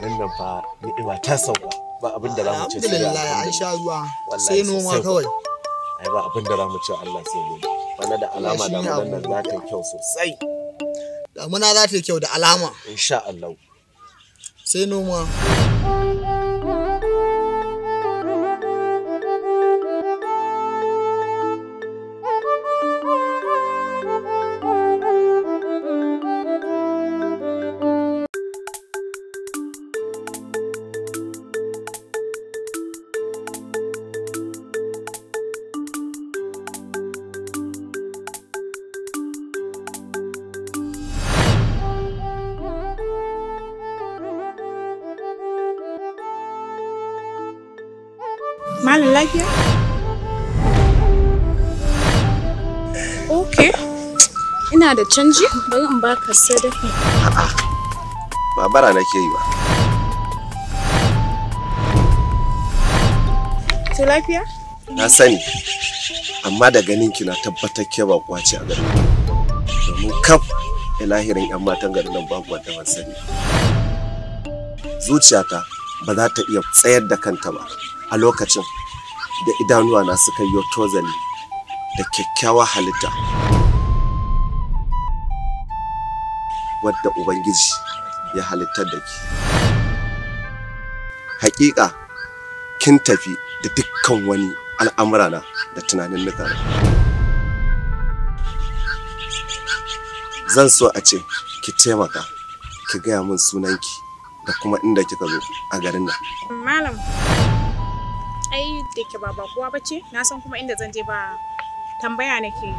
garin nan fa ba ta sauka ba abin da zamu ce alhamdulillah an sha ruwa sai noma kawai ai ba abin da zamu ce Allah sai noma wanda da alama da nan za ta kyau sosai damuna za ta kyau da alama insha Allah sai noma lafiya? Okay. Ina da canji bari in baka sadaka. Ba bara nake yi ba. Ki lafiya? Na sani. Amma da ganin ki na tabbatar ke ba kwace a gari. Domin kaf lahirin 'yan matan garin nan babu wanda ban sani. Zuciyata ba za ta iya tsayar da kanta ba a lokacin da idanuwa na suka yi tozali da kyakkyawa halitta wadda ubangiji ya halittar da ke? hakika kin tafi da dukkan wani al'amura na da tunanin mutane. zan so a ce ki taimaka ki gaya min sunanki da kuma inda kika zo a garin nan malam ai da ke ba kowa ba ce na san kuma inda zan je ba tambaya nake yi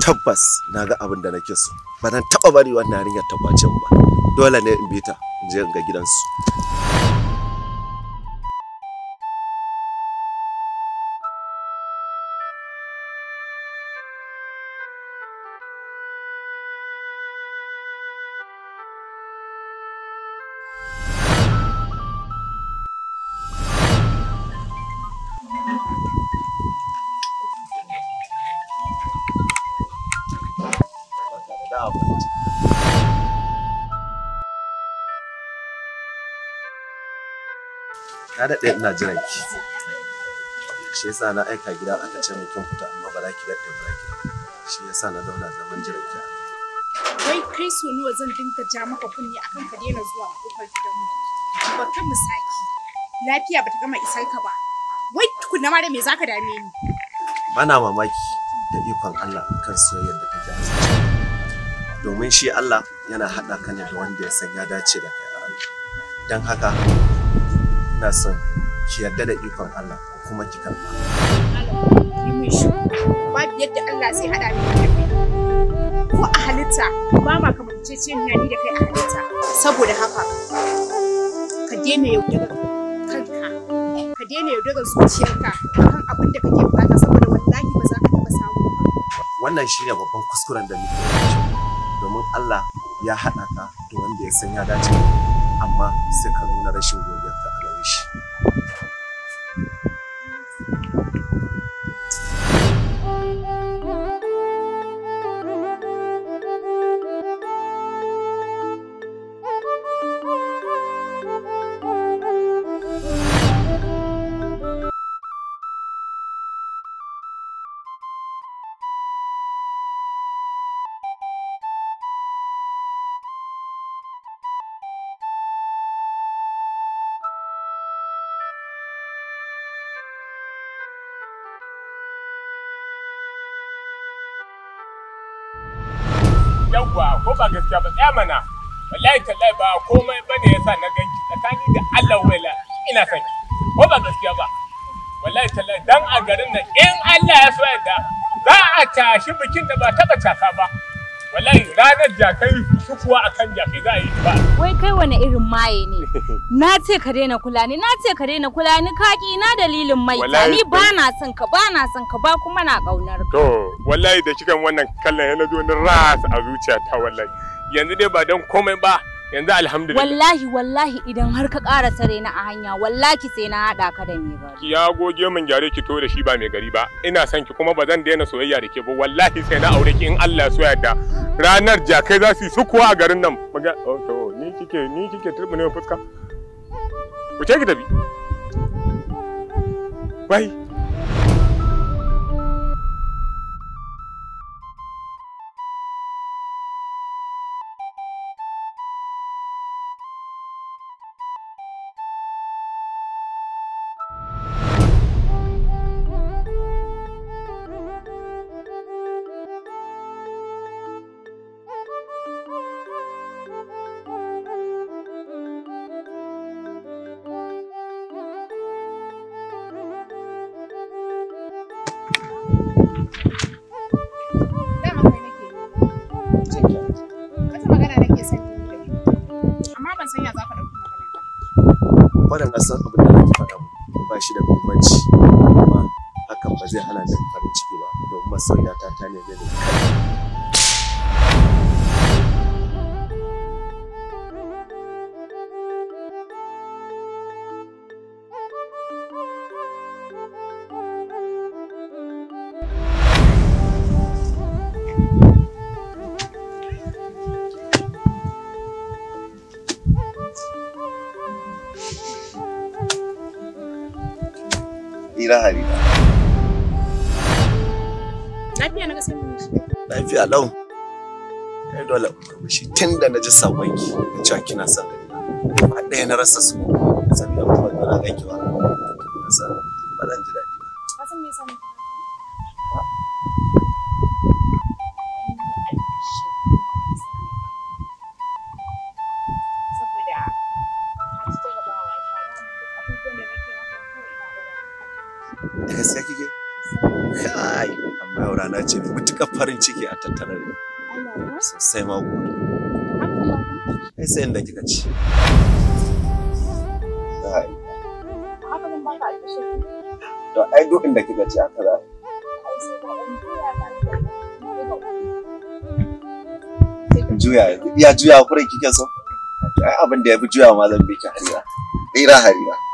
tabbas na ga abin da nake so ba zan taɓa bari wannan yarinyar ta kwace ba dole ne in bi ta in je in ga gidansu na daɗe ina jiran ki shi yasa na aika gida aka ce mai kin fita amma ba za ki daɗe ba za ki shi yasa na zauna zaman jiran ki wai kai so nawa zan dinka ja maka kunni akan ka daina zuwa kofar gidanmu ba kan misaki lafiya bata gama isar ka ba wai tukunna ma da me zaka dame ni bana mamaki da ikon Allah kan soyayyar da kake a domin shi Allah yana haɗa ka ne da wanda ya san ya dace da kai don haka ina son ki yarda da ikon Allah ko kuma ki karba babu yadda Allah zai hada ni da kai ko a halitta ba ma kamar ce ni da kai a halitta saboda haka ka daina yaudarar kanka ka daina yaudarar zuciyarka akan abin da kake fata saboda wallahi ba za ka taba samu ba wannan shine babban kuskuren da muke domin Allah ya haɗa ka da wanda ya san ya dace amma sai ka nuna rashin godiyar ta Peace. yawwa ko ba gaskiya ba tsaya mana wallahi tallahi ba komai bane yasa na ganki tsakani da Allah wala ina son ko ba gaskiya ba wallahi tallahi dan a garin nan in Allah ya so yadda za a tashi bikin da ba taba tasa ba ranar jakai su kuwa akan jakai za a yi ba. Wai kai wani irin maye ne? Na ce ka daina kula ni, na ce ka daina kula ni ka na dalilin mai ni ba na son ka ba na son ka ba kuma na kaunar ka. To wallahi da kikan wannan kallon yana na ras a ta, wallahi. Yanzu dai ba don komai ba yanzu alhamdulillah wallahi wallahi idan har ka ƙara sare a hanya wallahi sai na haɗa ka da mai gari ya goge min gyare ki to da shi ba mai gari ba ina son ki kuma bazan daina soyayya da ke ba wallahi sai na aure ki in Allah ya so ranar jakai za su yi sukuwa a garin nan maga oh, to ni kike ni kike ne fuska ce ki tafi bai na san abin da nake faɗa ba shi da bambanci amma hakan ba zai hana ni farin ciki ba domin masoyata ta neme ni Harira Harira. Lafiya na kasar Lafiya lau. Kai dole shi tun da na ji sabon ki na cewa kina son gani. Ba ɗaya na rasa su. Saboda ba na ganki ba. Na san ba zan ji daɗi. rana ce mai matuƙar farin ciki a tattare da sosai ma gobe. Ai sai inda kika ci. To ai duk inda kika ci aka za juya ya juya kurai kike so ai abin da ya fi juya ma zan bi ki harira harira harira